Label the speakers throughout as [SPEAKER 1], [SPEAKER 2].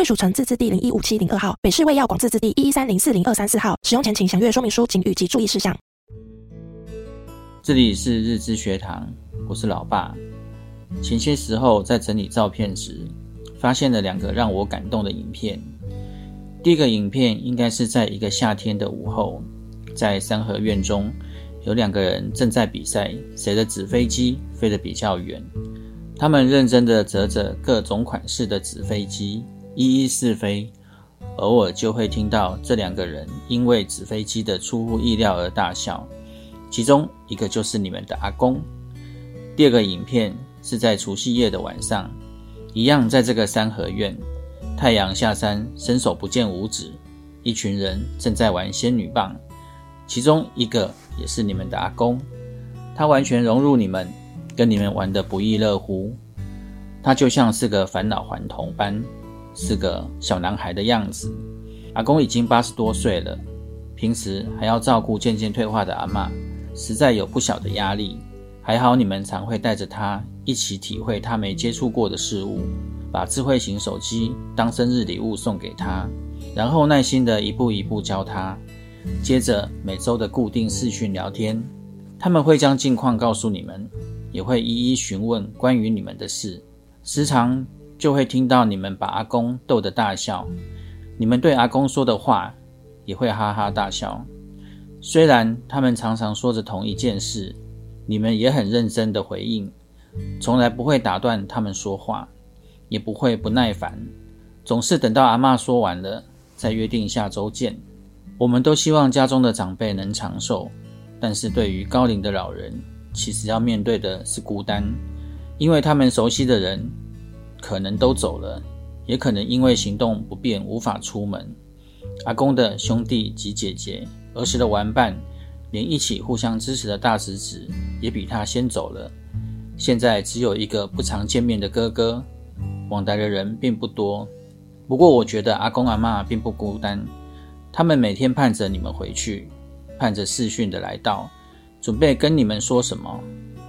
[SPEAKER 1] 貴屬城自治地零一五七零二號，北市衛藥廣自治地一一三零四零二三四號。使用前請詳閱說明書警語及注意事項。
[SPEAKER 2] 這裡是日之學堂，我是老爸。前些時候在整理照片時，發現了兩個讓我感動的影片。第一個影片應該是在一個夏天的午後，在三合院中，有兩個人正在比賽誰的紙飛機飛得比較遠。他們認真的折着各種款式的紙飛機。一一試飛，偶爾就會聽到這兩個人因為紙飛機的出乎意料而大笑，其中一個就是你們的阿公。第二個影片是在除夕夜的晚上，一樣在這個三合院，太陽下山伸手不見五指，一群人正在玩仙女棒，其中一個也是你們的阿公，他完全融入你們，跟你們玩得不亦樂乎，他就像是個返老還童般。是個小男孩的樣子。阿公已經八十多歲了，平時還要照顧漸漸退化的阿嬤，實在有不小的壓力。還好你們常會帶着他一起體會他沒接觸過的事物，把智慧型手機當生日禮物送給他，然後耐心地一步一步教他。接着每周的固定視訊聊天，他們會將近況告訴你們，也會一一詢問關於你們的事，時常。就會聽到你們把阿公逗得大笑，你們對阿公說的話也會哈哈大笑。雖然他們常常說着同一件事，你們也很認真的回應，從來不會打斷他們說話，也不會不耐煩，總是等到阿嬤說完了再約定下周見。我們都希望家中的長輩能長壽，但是對於高齡的老人，其實要面對的是孤單，因為他們熟悉的人。可能都走了，也可能因為行動不便無法出門。阿公的兄弟及姐姐，兒時的玩伴，連一起互相支持的大侄子也比他先走了。現在只有一個不常見面的哥哥。往來的人並不多，不過我覺得阿公阿嬤並不孤單。他們每天盼着你們回去，盼着視訊的來到，準備跟你們說什麼。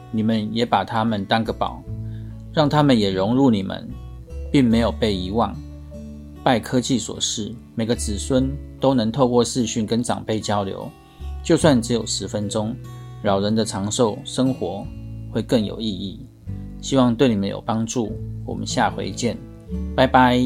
[SPEAKER 2] 你們也把他們當個寶。讓他們也融入你們，並沒有被遺忘。拜科技所賜，每個子孫都能透過視訊跟長輩交流，就算只有十分鐘，老人的長壽生活會更有意義。希望對你們有幫助。我們下回見，拜拜。